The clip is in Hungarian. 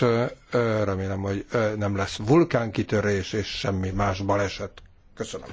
most. Remélem, hogy nem lesz vulkánkitörés és semmi más baleset. Köszönöm.